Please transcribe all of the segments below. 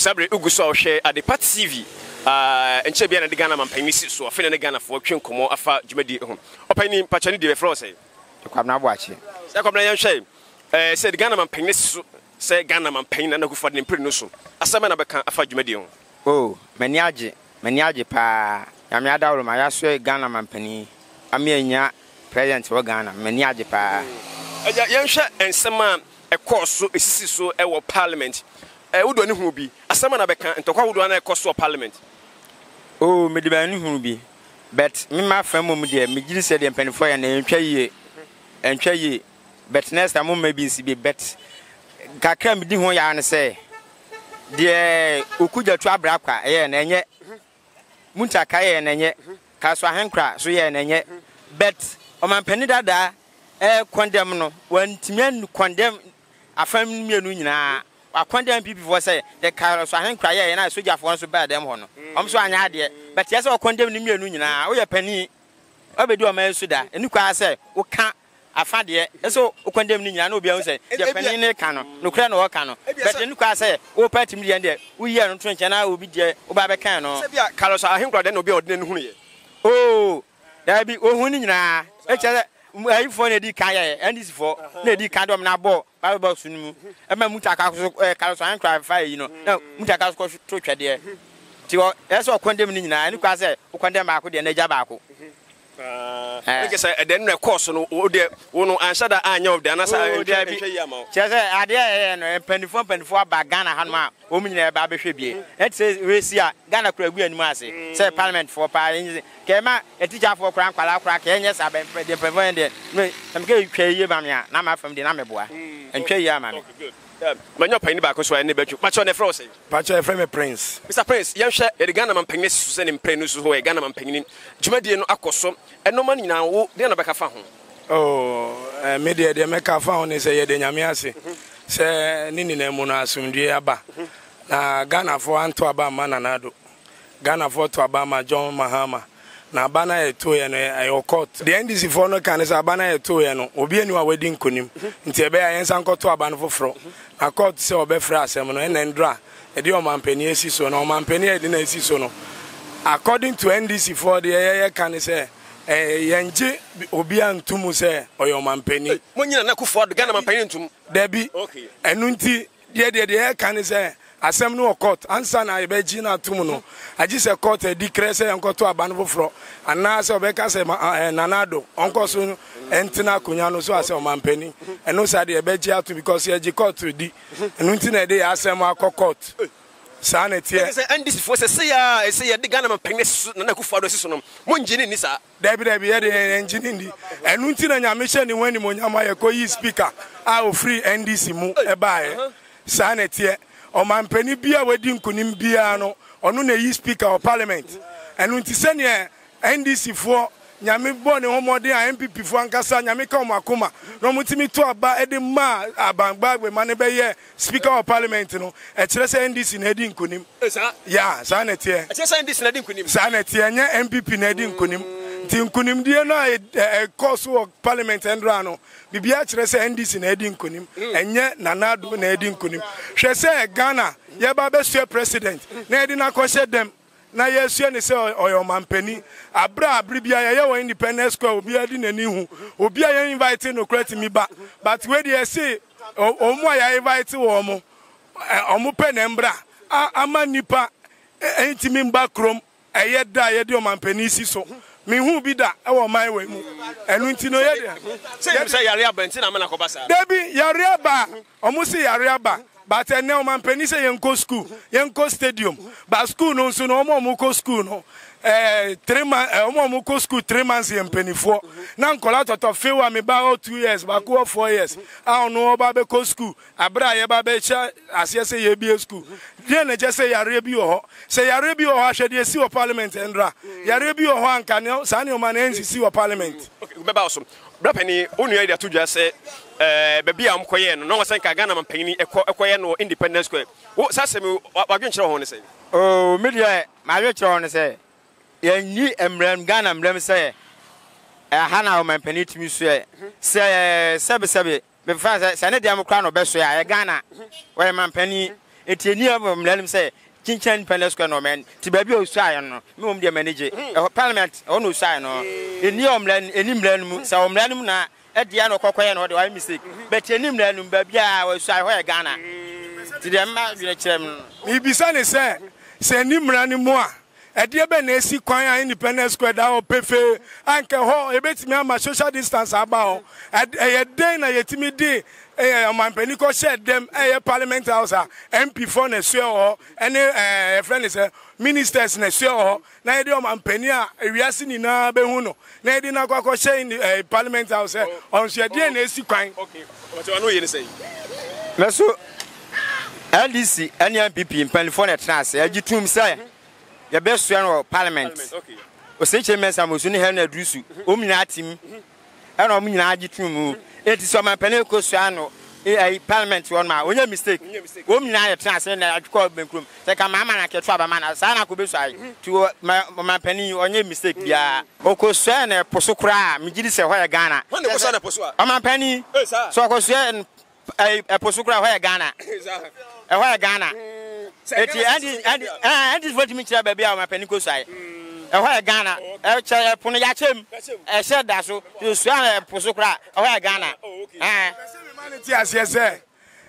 sabre ugu so a wohwɛ pat tv ah, nkyɛ bia na de gana mampani si so afei ne ne ghanafoɔ twe nkɔmmɔ afa dwumadi ho ɔpani mpakyɛ ne deɛ bɛfrɛ wɔ sɛ kwamena boakye sɛ kwamena yɛnhwɛ eh, sɛ de gana mampani ne so sɛ ghana mampani na nakufo de ne mpiri no so asɛm na bɛka afa dwumadi ho o m'ani agye m'ani agye paa nyame adaworo ma yɛasoɛ ghana mampani ameanya president wɔ ghana m'ani agye paa yɛnhwɛ nsɛm a ɛkɔɔ so ɛsisi so ɛwɔ parliament ɛ eh, wodɔ ne hunu bi asɛm na bɛka ntɔkwa wodoɔ na ɛkɔ soɔ parliament oo mede bɛn ne hunu bi but mema afɛn mu deɛ megyiri sɛ deɛ mpanimfoɔ yɛ na ɛntwa yie ɛntwa yie but next time mma bi nsi bi but kakra medi ho yaa ne sɛ deɛ okugyatu abrakwa ɛyɛ na ɛnyɛ muntaka yɛ na ɛnyɛ kaso ahenkora so yɛ na ɛnyɛ but ɔmampanin dadaa ɛɛ eh, kɔndɛm no wɔntumi kɔndɛm afɛn mmienu nyinaa. wakɔnda mpp foɔ sɛ yɛka so ahenkra yɛyɛ na sogyafoɔ nso bɛɛ dɛm hɔ no mm. so anyɛ adeɛ but yɛ sɛ wɔkɔndam no mmienu nyinaa woyɛ pani ɔma so da ɛni kwaa sɛ afa afadeɛ ɛsɛ wokɔndam na obiahu sɛ yɛ pani ne ka no na no but ɛni kwaa sɛ wopɛ timi deɛ no to na obi deɛ woba bɛkan na obi no ka baabi bɔ sunu mu ɛmɛ muta ka so ɛɛ kaloso anyi kura fa yi no ɛ muta ka so kɔ to twɛdeɛ ti wɔ ɛsɛ ɔkɔndɛm ne nyinaa ɛni kura sɛ ɔkɔndɛm baako deɛ n'agya baako sɛ ɛdɛ no ɛkɔɔ no wodeɛ wo no anhyɛ da anyɛ wo de anasɛ kyerɛ sɛ adeɛ ɛyɛ no mpanifoɔ mpanifoɔ aba ghana hanom a wɔm nyinaa ɛba bɛhwɛ bie mm. ɛnti sɛ wɛsi a ghana kora agu anim ase mm. sɛ parliamentfoɔ paa kɛma atikyafoɔ kora nkwalaa kora kɛɛnyɛ sɛ abɛmpɛdeɛ mpanifoɔ yɛ deɛ mekɛ twa yie ma me a na mafam deɛ na meboa mm. ntwa yie ama me manya ɔpanyin baako so a ɛne bɛtwi pakyɛ ɔne frɛ wo sɛ pakyɛ ɛfrɛ me prince mr prince yɛnhwɛ yɛde ghana mampanyin asi so sɛ ne mprɛ no so hɔ yɛ ghana mampanyin dwumadie no akɔ so ɛnɔma no nyinaa wo deɛ na bɛka fa ho oh, eh, me deɛ deɛ mɛka fa ho ne sɛ yɛde nyame ase sɛ ne nyinaa mu no asomdwe aba na ghanafoɔ anto aba ama nanado ghanafoɔ to aba ama john mahama na aba no a yɛtoeɛ no ɛyɛ court deɛ ndc foɔ no ka ne sɛ aba no a yɛtoeɛ no obi ani a wadi nkonim nti ɛbɛyɛ yɛnsa nkɔto aba no foforɔ na court sɛ ɔbɛfrɛ asɛm no ɛnɛ ndoro a ɛde ɔmampani asi so no ɔmampani a ɛde no asi so no according to ndc foɔ deɛ yɛyɛ ka ne sɛ yɛngye obi a ntom sɛ ɔyɛ ɔmampani monyina na kufoɔ do ghana mampani ntom dabi ɛno nti deɛ deɛ deɛ yɛka ne sɛ asɛm no wɔ court ansa na yɛbɛgyi na atom no agye sɛ court adi krɛ sɛ yɛnkɔto aba no foforɔ anaasɛ wɔbɛka sɛ eh, eh, nanado ɔnkɔ so ɛntena akonnwa no so asɛ ɔmampani ɛno sa de yɛbɛgye ato because yɛgye court di ɛno nti na ɛde yɛ asɛm akɔ court saa na ɛteɛ sɛ ndcfoɔ sɛ sɛ yɛa ɛsɛ yɛde ghana mampɛne so nana akufoɔ do asi so no mongye ne nni saa dabi dabi yɛde ɛngye ne nni ɛno nti na nyame hyɛ ne ho animonyam a yɛkɔyii speaker a ɔfiri ndc mu ɛbaeɛ saa na ɛteɛ ɔmampanin bi a wadi nkunim biara no ɔno na eyi speaker of parliament ɛnu nti sɛnea ndc foɔ nyame bɔ ne ho mmɔden a npp foɔ ankasa nyame ka ɔmo akoma na ɔmo tumi to aba de ma abangba agbema no bɛyɛ speaker of parliament no ɛkyerɛ sɛ ndc na adi nkunim eh, ya saa na ɛteɛ saa na ɛteɛ nyɛ npp na adi nkunim nti nkunimdie no a ɛkɔ so wɔ parliament ndra no biribiara kyerɛ sɛ ndc na ɛdi nkonim mm. ɛnyɛ nana na ɛdi nkonim hwɛ sɛ ghana yɛba bɛsua president na yɛde no akɔhyɛ dɛm na yɛsua ne sɛ ɔyɛ ɔmampani aberɛ a abere biara yɛyɛ wɔ independence square obiara de n'ani hu obiara yɛ invite no kora tumi ba but wei deɛ ɛse ɔmo a yɛ invite wɔ ɔmo ɔmo pɛ ne mbra ama nipa ntumi mba kurom ɛyɛ da yɛde ɔmampani si so mehu bi da ɛwɔ ɔman wɔ mu ɛnu nti no yɛ deɛ. sɛ sɛ yari aba nti na ama na kɔba saa. dabi yare aba ɔmo si yare aba bàtà ɛnɛ ɔmampanin sɛ yɛn kó skul yɛn kó stadium ba skul no nso no ɔmo ɔmo kó skul no ọmọ mu kó skul three months eh, yɛ mpanimfoɔ na nkɔla tɔtɔ few a mi hɔ two years baako hɔ four years a ɔno ɔba bɛ skul abere a yɛba aseɛ sɛ bie skul deɛ na kyɛ sɛ yareɛ bi wɔ hɔ sɛ yareɛ bi wɔ hɔ ahwɛdeɛ si wɔ parliament ndra yareɛ bi wɔ hɔ anka ne saa nneɛma na ɛnsi si wɔ parliament. bɛba so bra pani wo de ato dwa eh, sɛ baabi a mokɔyɛ no na wɔ sɛ nka ghana ɛkɔyɛ no independence square saa sɛ mi wadwenkyerɛ hɔ ne sɛ. madwenkyerɛ hɔ ne sɛ yɛnyi mmerɛm ghana mmerɛm sɛ ɛha eh, na ɔmampanin tumi soɛ eh, sɛ eh, sɛbesɛbe mefa sɛ sɛ ne deɛ mo kora na ɔbɛsoɛ a yɛ ghana wɔyɛ mampanin nti ɛni mmerɛ no sɛ kyinkyin nipa ne square na ɔmɛ nti baabi a osu no mi deɛ mɛ gye parliament ɛhɔ na osu no ɛni ɔmmerɛ no ɛni mmerɛ no mu sɛ ɔmmerɛ no mu na ɛdi ano kɔkɔ yɛ na ɔde wayɛ mistake hmm. but ɛni mmerɛ no mu baabi a osu hɔ yɛ ghana nti deɛ mma dwene kyerɛ mu. ibisa ne sɛ sɛ ɛni mmerɛ no mu a ɛdeɛ bɛ na esi kwan a independence square da hɔ pefee anka hɔ ebetumi ama social distance aba hɔ ɛyɛ den na yɛtumi di ɛyɛ ɔmampanin kɔ hyɛ dɛm ɛyɛ parliament house a mp foɔ na esua wɔ hɔ ɛne ɛɛ yɛfrɛ ne sɛ ministers na esua wɔ hɔ na yɛde ɔmampanin a ewiase nyinaa bɛhu no na yɛde n'akɔ akɔ hyɛ ɛyɛ parliament house ɛ oh, ɔnsuadeɛ oh, na esi kwan. okay ɔtí wọn n'o yɛ ne sɛ yi. na so ldc ɛne npp mpanimfoɔ na ɛtena ase ɛgye tum sɛ yɛbɛsua no wɔ parliament ɔsɛkyɛ mɛsa ma ɔsu ne hɛ no aduru e, su ɔm nyinaa tim ɛna ɔm nyinaa gye tom mu ɛnti sɛ ɔmampane kɔ sua no parliament hɔ no a ɔnya mistake ɔm nyinaa yɛtena ase na adwekɔ bɛnkurom sɛ ka maama na kɛto abama no saa na kɔbɛsua ye mhm. nti ɔmampani ɔnyɛ mistake biara mhm. ɔkɔsua na ɛpo so koraa megye di sɛ hɔ yɛ ghana ɔmampani sɛ ɔkɔsua ɛpo so koraa hɔ yɛ ghana ɛhɔ yɛ ghana mhm eti ɛndi ɛndi ɛn ɛndi vote mi kyerɛ baabi a wɔn apɛni ko so ayɛ ɛhɔ yɛ ghana ɛkyɛ oh, ɛpono eh. yakyɛm ɛhyɛ da so esua ɛpo so kora ɛhɔ yɛ ghana ɛn. ti aseɛ sɛ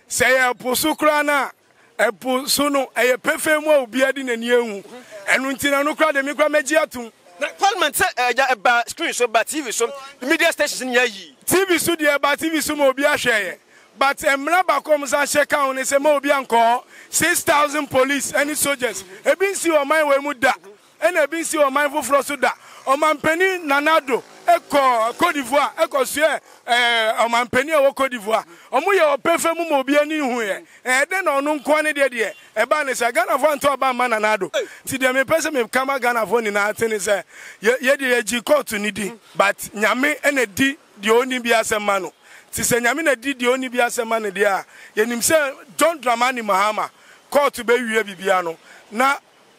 sɛ yɛ eh, ɛpo so kora na ɛpo eh, so no ɛyɛ pɛfɛ mu a obiara di n'ani ehu ɛnu mm-hmm. nti na no kora de mi kora mɛgye atum. na parliament sɛ ɛgya ɛba screen so ba tv so oh, media stations ni yɛ yi. tv so deɛ ɛba tv so ma obi ahwɛ but eh, mmira baako mu san hyɛ kan ne sɛ ma obi ankɔɔ six thousand police ɛne soldiers ebi nsi ɔman wɔ mu da ɛna ebi nsi ɔman foforɔ so da ɔmanpanin nanado ɛkɔ e cote d'ivoire ɛkɔ e soɛ eh, ɛɛ ɔmanpanin a ɛwɔ cote d'ivoire ɔmo yɛ ɔpɛ fɛ mu ma obi ani hu yɛ ɛdɛ eh, na ɔno nkoa e ne deɛ deɛ ɛbaa ne sɛ ghanafoɔ antɔ ɔbaa ma nanado ti deɛ mepɛ sɛ mekama ghanafoɔ nyinaa te ne sɛ yɛde yɛgyi kɔɔto ne di but nyame ɛna di deɛ ɔni bi asɛm ma no ti sɛ nyame na di deɛ ɔni bi asɛma ne deɛ a yɛnim sɛ john dramani mahama kɔɔto bɛwie bibia no na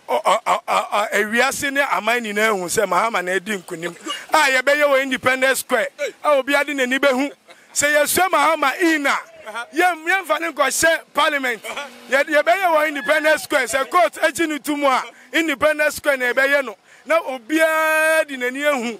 awiase ne aman nyinaa hu sɛ mahama na ɛdi nkonim a yɛbɛyɛ wɔ Independence square a obiade n'ani bɛhu sɛ yɛsua mahama ina yɛmfa ne nkɔhyɛ parliament yɛbɛyɛ wɔ Independence square sɛ court akyi no to mu a independent square na yɛbɛyɛ no na obiara de n'ani ahu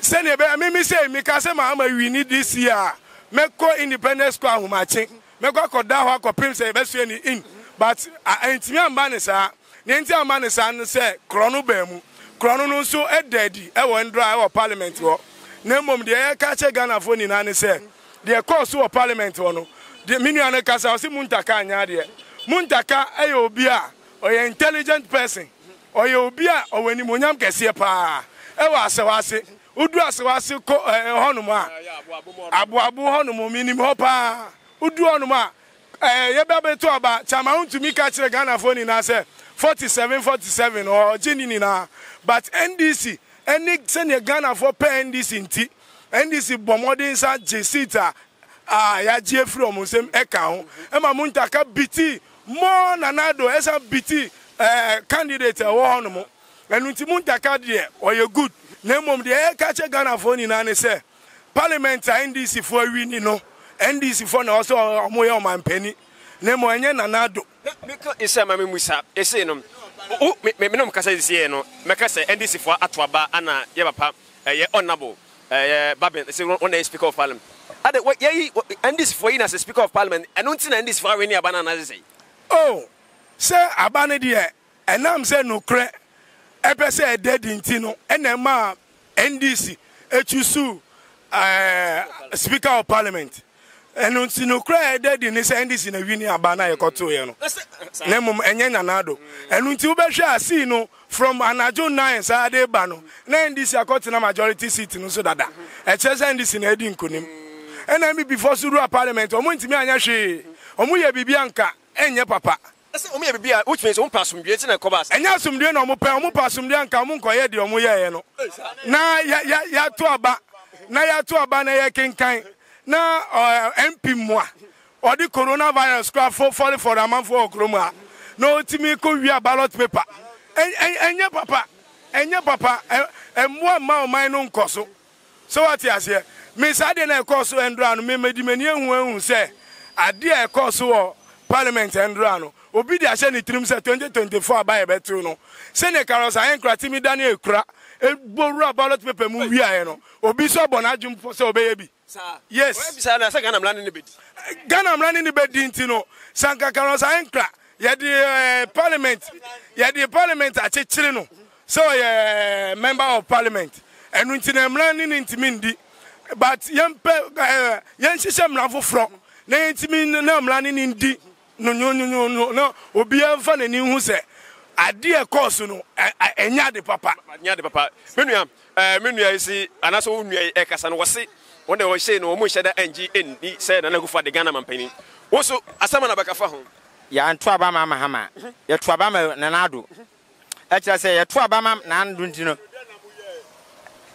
Sani ɛbɛyɛ mimi sɛ mika sɛ maa ma wi ni this year mɛkɔ independent school ahomakye mɛkɔ akɔda hɔ akɔpem sɛ yɛbɛsua ne in but ntumi amba ne saa ne nti amba ne saa no sɛ korɔ no baa mu korɔ no no nso ɛda adi ɛwɔ ndora ɛwɔ parliament hɔ na mmom deɛ yɛka kyɛ ghanafoɔ nyinaa ne sɛ deɛ kɔɔ so wɔ parliament hɔ no deɛ me nua no kasa ɔse muntaka anyɛ adeɛ muntaka ɛyɛ eh, obi a ɔyɛ intelligent person ɔyɛ obi a ɔwɔ animonyam kɛseɛ paa ɛwɔ eh, asɛw ase udu asewase kɔ ɛɛ hɔnom a eh, aboabo hɔnom minim hɔ paa wodu hɔnom a ɛɛ yɛbɛ abɛto aba kyama ntumi ka kyerɛ ghanafoɔ nyinaa sɛ forty seven forty seven ɔgye ne nyinaa but ndc ɛne sɛnea ghanafoɔ pɛ ndc nti ndc bɔ mmɔden sa gye seat a a yɛagye afiri ɔmo nsɛm ɛka ho ɛma mo ntaka biti mɔɔ nanado ɛsan biti ɛɛ candidate ɛwɔ e hɔnom ɛnu nti mo ntaka deɛ ɔyɛ good. na mmom deɛ ɛka kyɛ ghanafoɔ nyinaa ne sɛ parliament a ndc foɔ awi ni no ndc foɔ na ɔsɛ ɔmo yɛ ɔmampani na mmom ɛnyɛ nana do. meka ɛsɛ ma memu sa ɛsei no menom kasa sisiɛ no mɛka sɛ ndc foɔ ato aba ana yɛ papa ɛyɛ eh, honorable ɛyɛ eh, babin ɛsɛ wɔn na yɛ speaker of parliament ade yɛyi ndc foɔ yi na sɛ speaker of parliament ɛno nti na ndc foɔ awɛ ni aba na anase sɛ. o oh, sɛ aba ne deɛ ɛnam sɛ nukurɛ ɛpɛ sɛ ɛdɛ di nti no ɛna ɛma ndc etu su ɛɛ eh, speaker of parliament ɛnu nti no kura ɛdɛ di ni sɛ ndc na wi ni aba na yɛkɔto yɛ no na eh, eh, mmom ɛnyɛ nyana do ɛnu nti wobɛhwɛ asi no from anadio nine saa de ba no na ndc akɔtena majority seat no so dada ɛkyerɛ sɛ ndc na ɛdi nkonim ɛna mi before suru a parliament ɔmo ntumi anya hwee ɔmo yɛ biribi anka ɛnyɛ papa ɛsɛ ɔmo yɛ bibi a wotumi sɛ ɔmo pɛ asomdue ti na ɛkɔ baasa. ɛnyɛ asomdue na ɔmo pɛ ɔmo pɛ asomdue nka ɔmo nkɔyɛ deɛ ɔmo yɛɛyɛ no na ya ya ya yato aba na ya yato aba na yɛ kenkan na ɔɛ uh, mp mu a ɔde corona virus kora fo fɔri fɔri amanfo wɔ kurom a na otimi ko wia ballot paper ɛnyɛ papa ɛnyɛ papa ɛmmoa mma ɔman no nkɔ so so wɔte aseɛ mesa adeɛ na ɛkɔɔ so ɛndora no memedi m'ani ahu ahu sɛ adeɛ a so wɔ parliament ɛndora no obi de ahyɛ ne tirim sɛ 2024 aba yɛ bɛtew no sɛnea karɔsa ayɛ nkura timi da ne ekura ebowura ballot paper mu wiaeɛ no obi so abɔ n'adwom pɔ sɛ ɔbɛyɛ bi yes eh, ghana mmara ne ne bɛdi nti no sanka karɔsa ayɛ nkura yɛde eh, parliament yɛde parliament akyekyere no sɛ ɔyɛ eh, member of parliament ɛno nti na mmara ne ne ntimi ndi but yɛmpɛ yɛnhyehyɛ mmara foforɔ na yɛntimi na mmara ne ndi nyonyonyono na obiara mfa n'ani hu sɛ adeɛ kɔɔso no ɛnyɛ de papa ɛnyɛ de papa me nua ɛɛ me yi si anaasɛ wo nua yi ɛkasa no wɔsi wɔn de wɔhyɛ no wɔn nhyɛ da ɛngye ɛnni sɛ nana kufa de ghana mampanin woso asama na bɛkafa ho. yɛnto aba ma ama hama mhm. yɛto aba nanado ɛkyerɛ sɛ yɛto aba ma nanado mhm. nti no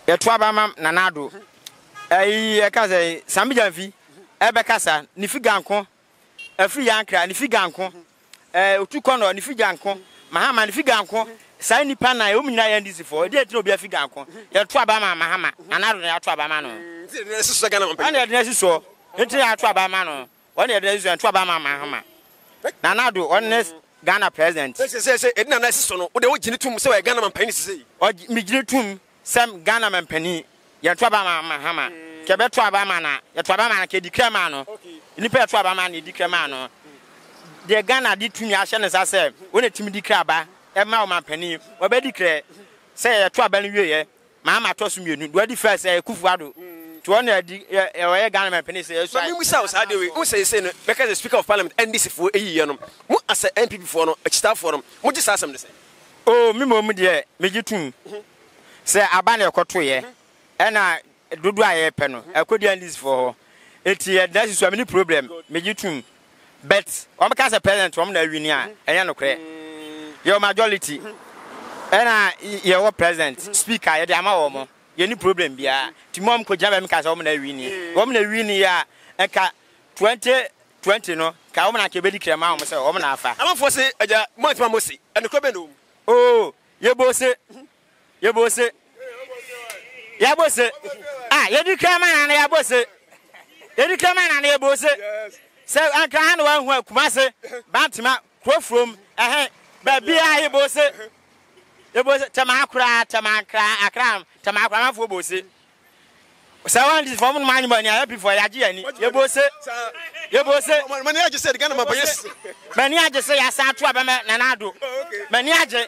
yɛto aba ma nanado mhm. ɛyi ɛka sɛ sambigyanfi ɛbɛkasa nifi ganko ɛfiri yɛn ankara ne figa nko ɛɛ otu kɔnɔ ne figa nko mahama ne figa nko saa nipa na wɔn nyinaa yɛ ndc fo ɛdi yɛ tena obi afiga nko yɛto abama mahama anaadɔ na yɛato abama no. ɛna yɛde n'asi sɔ gana wɔn pɛ. ɛna yɛde n'asi sɔ nti yɛato abama no wɔn yɛde n'asi sɔ yɛto abama mahama nanaado wɔn ne ghana president. sɛ sɛ sɛ ɛdi nana asi sɔ no de o gyini tum sɛ wɔyɛ ghana mampanin sise. ɔgyi mi gyini tum sɛ ghana mampanin yɛto abama mahama kɛbɛto abama na yɛto abama na kɛdi kɛma no. Okay nipa ɛto aba maa na edi kura maa no deɛ ghana de tumi ahyɛ ne nsa sɛ wɔn na tumi di kura aba ɛma wɔn apanyin wɔbɛ di kura sɛ ɛto aba no wie yɛ maa ma tɔ so mienu deɛ ɔdi fɛs ɛyɛ kufu ado tí wọn na ɛdi ɛwɔyɛ ghana ma panyin sɛ ɛso ayi. mímú sáwọ sáà de wei n sɛyɛ sɛyɛ no bɛka sɛ speaker of parliament ndc fo eyi yɛ no mu asɛ npp fo no akyita fo no mo gye saa asɛm de sɛ. oo mi ma mu deɛ megye tum sɛ aba na ɛkɔto yɛ ɛna dodo a yɛpɛ no ɛkɔ di ndc eti ɛdina sisi ɔmi ni problem meji tum bet ɔmi ka sɛ parent ɔmi na wini a ɛnyɛ nukurɛ yɛ majority ɛna yɛ wɔ president speaker yɛ de ama wɔn mo yɛ ni problem bia ti mu ɔmi ko gyina bɛ mi ka sɛ ɔmi na wini ɔmi na wini yɛ a ɛka eh, twenty twenty no ka ɔmi na kɛ ebedi kiri ma ɔmi sɛ ɔmi na afa. amanfoɔ se ɛgya eh, mu ati ma mo se ɛnukura bɛ na omu. oo yɛ bo se yɛ bo se yɛ bo se a yɛ di kiri ma na yɛ bo se edikama na na ebo se sɛ anka ha na wahu akuma se bantama kurofurom ɛhɛn baabi a ebo se ebo se tɛm akora tɛm akra akra tɛm akora amafo ebo se sɛ wɔn di fɔm numu anyimɔ ni a yɛpi fɔ yagye yɛni ebo se ebo se mɛni agye se yasa ato abɛmɛ nana do oh, mɛni agye.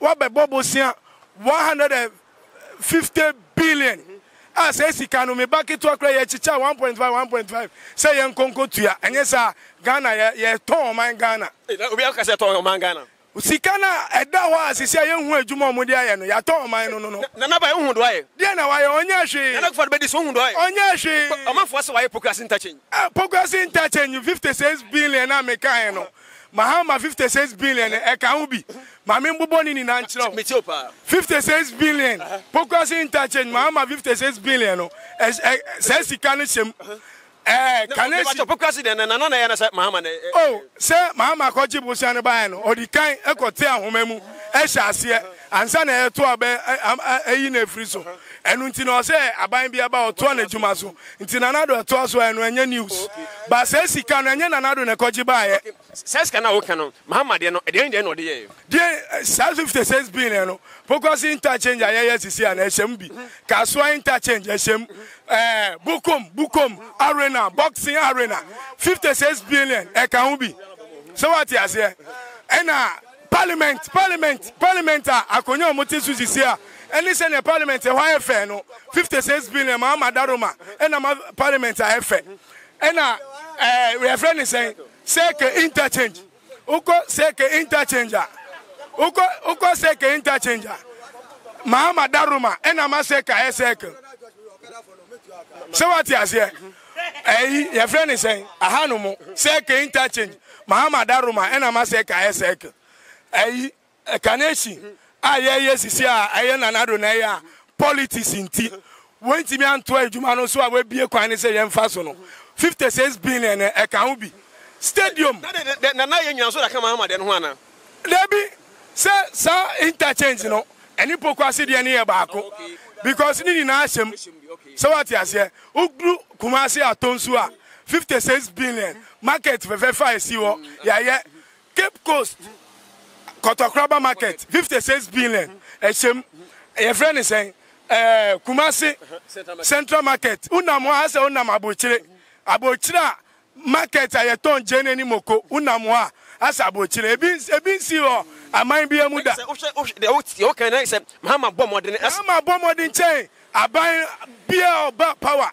wɔbɛbɔ bosia one hundred and fifty billion a sɛ sika no meba ketewa kora yɛkyekyɛ one point five one point five sɛ yɛn nkonko tua ɛnyɛ saa ghana yɛ yɛtɔn ɔman ghana. obi aka sɛ tɔn ɔman ghana. sika no a ɛda hɔ a sisi a yɛnhu adwuma a wɔde ayɛ no yɛatɔ ɔman no no no. nanaba yɛ ohun do ayɛ. deɛ na wayɛ ɔnyɛ hwee. nana kofa bɛdi so ohun do ayɛ. ɔnyɛ hwee. ɔmanfoɔ sɛ wayɛ pokuasi interchange. Eh, pokuasi interchange fifty six billion a meka yɛn no mahama 56 billion ɛka ho bi maame mbobɔ ne nyinaa nkyerɛ wo 56 billion uh-huh. pokuase interchange mahama 56 billion no saa eh, sika eh, uh-huh. eh, no hyɛm sɛ mahama kɔgye bosia no oh, baɛ no ɔde kan ɛkɔte ahoma mu ɛhyɛ aseɛ ansa na ɛyɛto a bɛ ɛyi no afiri so uh-huh. ɛnu nti na ɔsɛ aban bi aba ɔtoa n'adwuma so nti nanado ɛtoa so ɛnu ɛnyɛ news ba sɛ sika no ɛnyɛ nanado na ɛkɔgye baayɛ. sɛ sika na awoka no mahamadeɛ no ɛdeɛ deɛ na ɔde yɛ. deɛ eh, saa fifty six billion no focus interchange a yɛyɛ sisi a na ɛhyɛm bi kasuwa interchange ɛhyɛm ɛɛ eh, bukom bukom arena boxing arena fifty six billion ɛka ho bi sɛ wate aseɛ ɛna parliament parliament parliament a akonnwa a wɔte so sisi a. ɛne sɛnea parliament ɛhɔ ayɛ fɛ no 56 billion ma ama daroma ɛna ma parliament ayɛ fɛ ɛna ɛɛ yɛfrɛ ne sɛn sɛke interchange wokɔ seke interchange a ah. wokɔ wokɔ sɛke interchange a ah. ma ama daroma ɛna ma seke ayɛ sɛke sɛ wate aseɛ ɛyi yɛfrɛ ne sɛn aha no mo sɛke interchange ma ama daroma ɛna ma seke ayɛ sɛke ɛyi ɛkaneshi a yɛyɛ sisi a ɛyɛ nanado na ɛyɛ a politics nti wɔntumi anto adwuma no so a wɔabie kwan ne sɛ yɛmfa so no 56 billion ɛka e ho bi stadium nana yɛ nyina so da kama hama dɛ no ho ana dabi sɛ saa interchange no ɛne poko asedeɛ no yɛ baako oh, because ne nyinaa hyɛm sɛ wate aseɛ woduru kumase atɔ nso a six billion market fɛfɛfa ɛsi hɔ mm. yɛayɛ cape coast mm -hmm kɔtɔkoraba market fifty six billion ɛhyɛm yɛfrɛ ne sɛn ɛɛ kumasi central market unam hɔ asɛ unam abokyire abokyire a market a yɛtɔn gyene ne moko unam hɔ a asɛ abokyire ebi ebi nsi hɔ aman bi emu da. o kan na sɛ mahama bɔ mɔden. mahama bɔ mɔden kyɛn aban biya ɔba power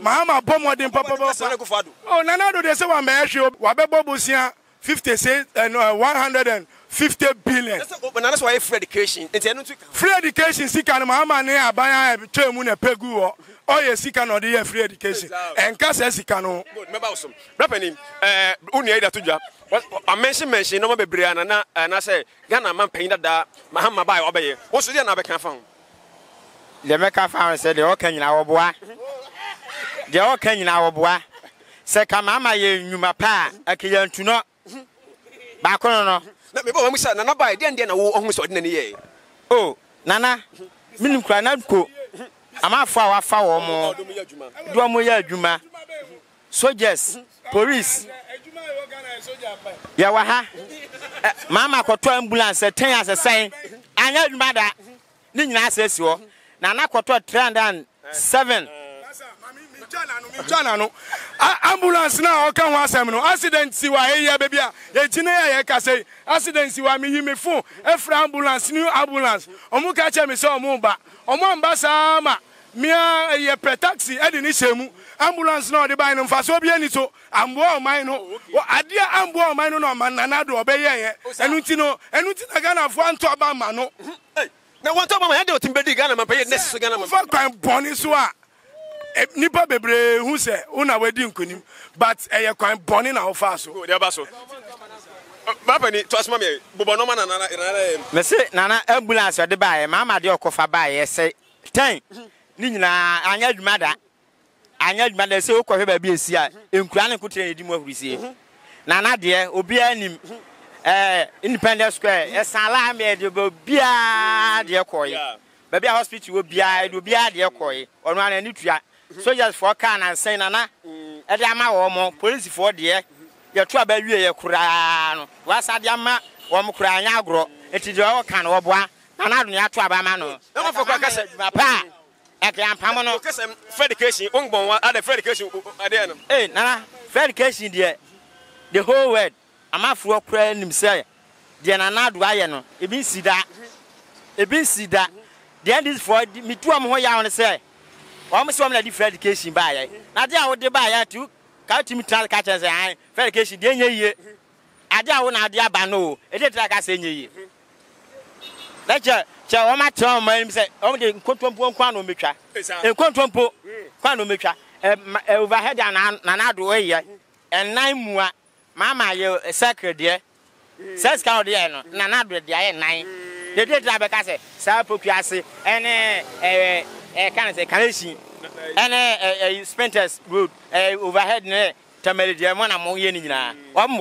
mahama bɔ mɔden papapapa o nana do de sɛ wa mɛ ɛhwɛ o wa bɛ bɔ bosia fifty six ɛɛ eh, one hundred and fifty billion. nana sọ wa ye free education. nti ẹnu ti kan. free education sika ni mahama ni abaya twɛ mu na pegu wɔ ɔyɛ sika na ɔde yɛ free education ɛnka sɛ sika no. mɛba wosom brapani ɛɛ unu yɛ datu dwa amɛnsi mɛnsi nɔɔma bebree ana na ɛna eh, sɛ ghana man panyin dada mahama ba yɛ ɔbɛyɛ wosu deɛ na abɛka fa ho. deɛ mɛka fa ho sɛ deɛ ɔka nyinaa wɔboa deɛ ɔka nyinaa wɔboa sɛ ka mahama yɛ nnwuma paa akɛyɛ ntunɔ baako no na mebɔ mamu sɛ nana baɛ deɛn deɛ na wo ɔhu sɛ ɔde nani yɛɛ o nana menim kura na ko amaafoɔ a wafa wɔ mo de ɔmo yɛ adwuma soldiers police yɛwɔ ha Mama akɔtɔ ambulance ɛtɛn asɛsɛn anyɛ adwuma da ne nyinaa sɛ si hɔ nana akɔtɔ 307 ambulance na ɔka ho asɛm no accident si wa ɛyɛ baabi a yɛgyina yɛ yɛka sɛ accident si wa meyi me fo ɛfra ambulance new ambulance ɔmo ka kyɛ me sɛ ɔmo ba ɔmo amba saa ma mia yɛ pɛ taxi ɛde ne hyɛ mu ambulance na ɔde ban no mfa so obi ani so amboa ɔman no oh, adeɛ amboa ɔman no na ɔman nana do ɔbɛyɛ yɛ oh, ɛnu ti no ɛnu ti na ghanafoɔ antɔ ba ma no. Mm-hmm. na wɔn tɔ ba ma yɛ de o ti bɛ di ghana ma pɛ yɛ nɛsi so ghana ma. wofa kwan so a. Eh, nipa bebree hu sɛ wona wadi nkonim but ɛyɛ kwan bɔne na wofaa so mapani oh, toasoma me bobɔ nɔma nanana mese nana ambulance ɔde baeɛ maama deɛ ɔkɔfa baeɛ sɛ tɛn ne nyinaa anyɛ adwuma da anyɛ adwuma da sɛ wokɔhwɛ baabi ɛsi a nkura ne nkotere ne di mu ahurisie nana deɛ obiaa nim eh, independent square ɛsan laa me ɛde obiaa deɛ kɔɔye baabi a hospital wɔ biaa ɛde obiaa deɛ kɔɔye ɔno ana ne tua sojafoɔ kaa nansɛn na na mm, ɛde ama wɔn mo polisifoɔ deɛ yɛto aba wie yɛ koraa no wasa de ama wɔn koraa nyɛ agorɔ eti deɛ ɔwɔ kan wɔboa na n'ado ne ato aba ama no. ɛmɛ fɔ kɔ kasa dwuma paa ɛkɛ ampam no. kasa fɛdikɛsin o ŋgbɔn wa adɛ fɛdikɛsin adeɛ no. ee nana fɛdikɛsin deɛ the whole world ama amafoɔ koraa nim sɛ deɛ nana do ayɛ no ebi nsi da ebi nsi da deɛ ndisifoɔ mi tu wɔn ho yaw no sɛ. wɔn sɛ wɔn na di frɛ education baayɛ na ba a tu, baayɛ ti ka timi tena ka kyerɛ sɛ ɛn frɛ di deɛ nye yie adeɛ a wɔn na adeɛ aba no o ɛdeɛ tena ka sɛ nye yie na kyɛ kyɛ wɔn atena wɔn mmaa sɛ wɔn de nkontompo nkwa na wɔn atwa nkontompo nkwa na wɔn atwa ɛɛ overhead a nanado ɛyɛ ɛnan mua maama ayɛ sɛkiri deɛ sɛsi kan de yɛ no nanado deɛ ayɛ nan hmm. deɛ deɛ tena bɛka sɛ saa pokuase ɛne ɛɛ. E, ɛka ne sɛ kanɛhyi road ɛyɛ overhead ne eh, tamale eh, yɛ ni nyinaa mm.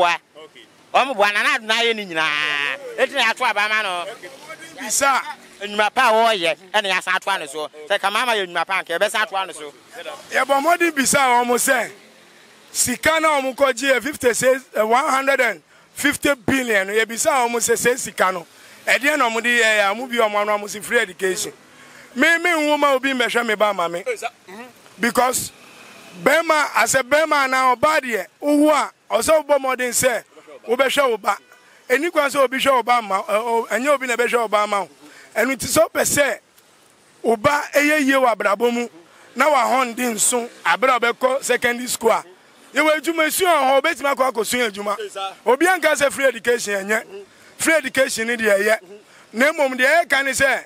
na na yɛ ni nyinaa na ato abama bisa pa a yɛ pa so bisa sɛ sika na fifty six eh, one hundred and fifty billion sɛ sɛ sika na yɛ yɛ bi si free education. me me nwoma obi mbɛhwɛ me oh, mm-hmm. ba eh. ma me because bɛrima asɛ bɛrima anaa ɔbaa deɛ wowu a ɔsɛ wobɔ mmɔden sɛ wobɛhwɛ wo ba ɛni kwan sɛ obi hwɛ wo ma ɛnyɛ obi na ɛbɛhwɛ wo ma wo ɛno nti sɛ wopɛ sɛ wo ba ɛyɛ yie wɔ abrabɔ mu na wahɔnde nso aberɛ a wobɛkɔ secondary school a yɛwɔ adwuma sua hɔ wobɛtumi akɔ akɔsua adwuma obi anka sɛ free education ɛnyɛ eh, mm-hmm. free education ne deɛ ɛyɛ na mmom deɛ ɛyɛ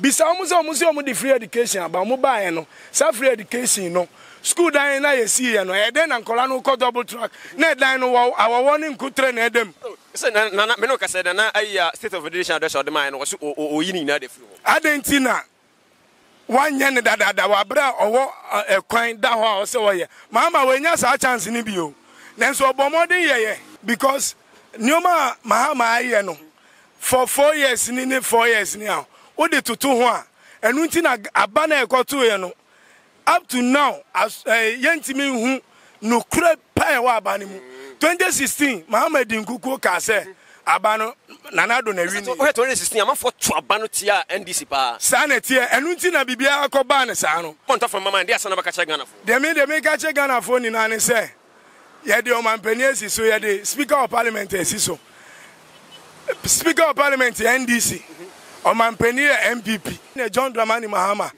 bisa wɔn sɛ wɔn sɛ wɔn de free education aba wɔn baayɛ no saa free education no school dan na yɛsi yɛ no ɛdɛn e na nkɔla no kɔ double track e na ɛdan no wɔ awɔwɔ ne nkutere na ɛdɛm. sɛ nana mɛ n'o kasa nana ayi a state of education address ɔde maa yɛ e, no wɔsi o o oyi ne nyinaa de fi hɔ. adanti na wanyɛ ne dadaada wɔ abere a ɔwɔ ɛkwan da hɔ a ɔsɛ wɔyɛ maama wɔnya saa chance ni bi o nanso ɔbɔ mɔden yɛyɛ because nneɛma a mahama ayɛ no for four years ni ne four years ni a. de tutu ho a ɛno nti na aba no ɛkɔtoeɛ no up to now yɛntumi nhu nokorɛ paa ɛwɔ aba no mu 2016 mahama di nkukuo kaa sɛ aba no nanado na wini a ma amanfoɔ to aba no tia ndc paa saa na ɛteɛ ɛno nti na biribiara kɔbaa no saa no pɔntafo mama ɛdeɛ asa na bɛka kyerɛ ghanafoɔ deɛ mede meka kyerɛ ghanafoɔ nyinaa ne sɛ yɛde panyin esi so yɛde speaker of parliament esi so speaker of parliament ndc mm -hmm. ọmampanin yɛ npp ne john dramani mahama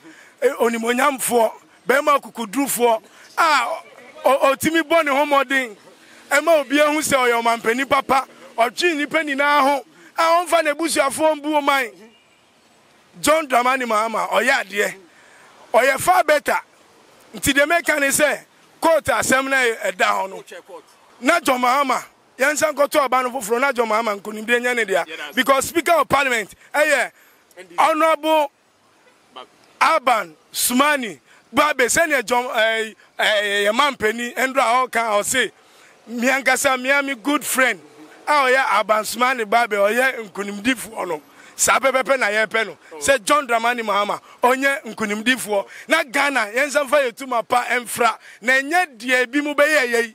e, onimonyamfoɔ bɛrima kukudurufoɔ a ɔtumi bɔ ne ho mmɔden ɛma obia hu sɛ ɔyɛ ɔmampani papa ɔtwee nnipa nyinaa ho a ɔmfa ne abusuafoɔ mbu ɔman john dramani mahama ɔyɛ adeɛ ɔyɛ far better nti deɛ mɛka ne sɛ court asɛm e, e no ɛda hɔ no na john mahama yɛnsa nkɔto ɔba no foforɔ na adwɔ maama nkonimdie nyɛ ne dea because speaker of parliament ɛyɛ honorable aban sumani gbabe sɛnea jɔn yɛ eh, eh, eh, ma mpanin ndra a ɔka ɔse miankasa miami good friend ah, a ɔyɛ aban sumani gbabe ɔyɛ nkonimdifoɔ no saa pɛpɛpɛ na yɛpɛ no oh. sɛ john dramani mahama ɔnyɛ nkonimdifoɔ na ghana yɛnsa mfa yɛtuma pa ɛmfra na nye deɛ bi mu bɛyɛ yɛyi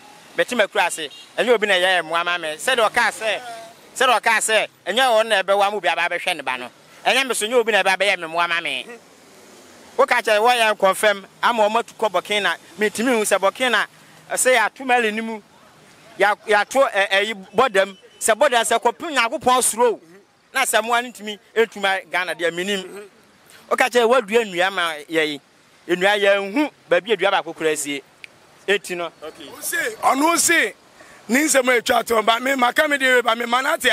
bɛti ma kura ase ɛnyɛ obi na ɛyɛ ɛmoa ma mɛ sɛdeɛ ase sɛ sɛdeɛ ɔkaa sɛ ɛnyɛ wɔn na ɛbɛwa mu bi aba abɛhwɛ ne ba no ɛnyɛ mi so nyɛ obi na ɛba abɛyɛ mmoa ma mɛ woka kyerɛ wɔyɛ nkɔn fam ama wɔn atu kɔ bɔkina mɛtumi hu sɛ bɔkina sɛ yɛato mɛli ne mu yɛato ɛyi e, e, bɔdam sɛ bɔdam sɛ kɔpem pɔn soro na sɛ mmoa no ntumi ɛtuma e ghana deɛ menim woka kyerɛ wɔadua nnua ma yɛyi nnua yɛnhu baabi adua baako koraa sie eti no. ɔno se ne nsɛm atwa to ba me maka me deɛ ba me ma no ate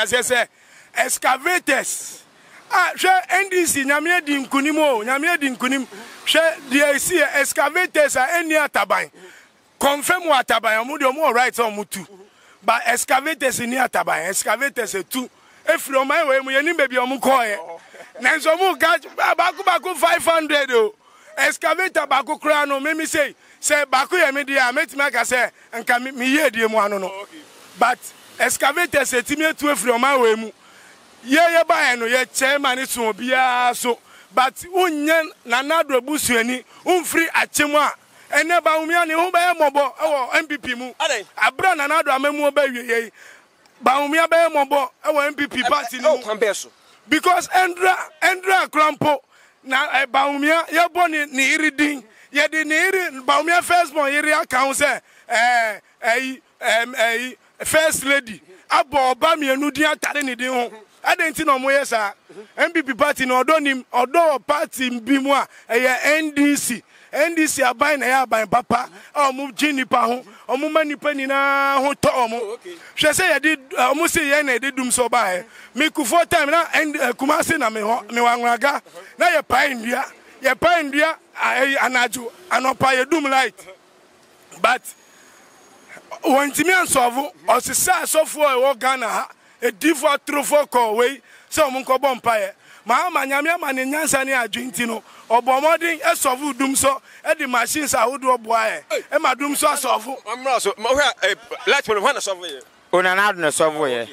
excavators ah, hwɛ ndc nyameɛ di nkonim o nyameɛ di nkonim hwɛ deɛ ɛsi yɛ excavators a ɛnni ataban confirm wa ataban ɔmo deɛ ɔmo wɔ right sɛ ɔmo tu ba excavators ni ataban excavators etu efiri ɔmo ayɛ wɔ emu yɛ ni beebi ɔmo kɔɔ yɛ nanso ɔmo ga baako baako five hundred o excavator baako koraa no mimi sei sɛ baako yɛ me deɛ a mɛtumi aka sɛ nka meyɛ die mu ano no but excavator sɛ ɛtumi atu afiri ɔma wei mu yɛyɛ baeɛ no yɛkyɛe ma ne so obiara so but wonyɛ nanadoro busuani womfiri akye mu a ɛnɛ ba womia ne ho bɛyɛ mmɔbɔ ɛwɔ npp mu aberɛ nanadoro amamuo bɛwie yɛi ba womia bɛyɛ mmɔbɔ ɛwɔ npp party no mu because ɛndra ɛndra korampo na eh, baumia yɛbɔ ne ne iri din yɛde ne iri baumia first born iri aka ho sɛ ɛɛ ɛyi ɛm ɛyi first lady abɔ ɔba mienu din atare ne din ho ɛde nti na ɔmo yɛ saa npp mhm. party na ɔdɔ nim ɔdɔ party bi mu a ɛyɛ eh, ndc ndc abanye na ya abanye papa a ɔmo gye nipa ho ɔmo ma nipa nyinaa ho tɔ ɔmo oh, hwɛ sɛ yɛde ɔmo si yɛn na yɛde dum so ɔbaayɛ mikufoɔ time na kumase na mewɔ anwaga na yɛ pae ndua yɛ pae ndua anadwo anɔpa ya dum light but wɔntumi ansɔfo ɔsesa asọfụ a ɛwɔ ghana ha edifu edifoɔ wee sị ọmụ nkọ ɔmo mpa ya. ma ama nyame ama ne nyansa ne adwe nti no ɔbɔ mmɔden sɔfo dum so de machines ahodoɔ boaɛ ma dum so asɔfo onana ado ne sɔfoyɛ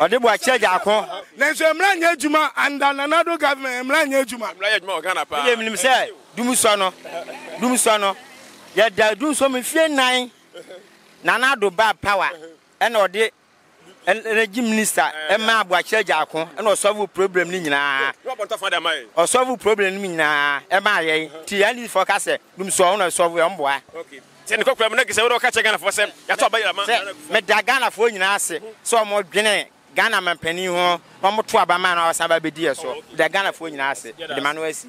ɔde bɔ akyerɛ gyako nanso mmara nyɛ adwuma andananado government mmara nyɛ adwuma menim sɛ dum sɔ no dum sɔ no yɛda dum sɔ me fie nan nana ado ba power ɛna ɔde regye minista ɛma abuakyerɛ gyaako ɛna ɔsɔfo problem no nyinaa ɔsɔfo problem no nyinaa ɛma ayɛ nti uh-huh. yɛn nifoɔ ka sɛ dumsɔ ɔno ɔsɔfo yɛ ɔmboa sɛne kɔkura mu na gesɛ wode wɔka kyɛ ghanafoɔ sɛ yɛtɔ aba yirama meda ghanafoɔ nyinaa ase sɛ ɔmɔdwene ghana mampanin ho na ɔmoto aba na ɔsan ba bɛdi yɛ so meda oh, ghanafoɔ nyinaa ase de ma no asi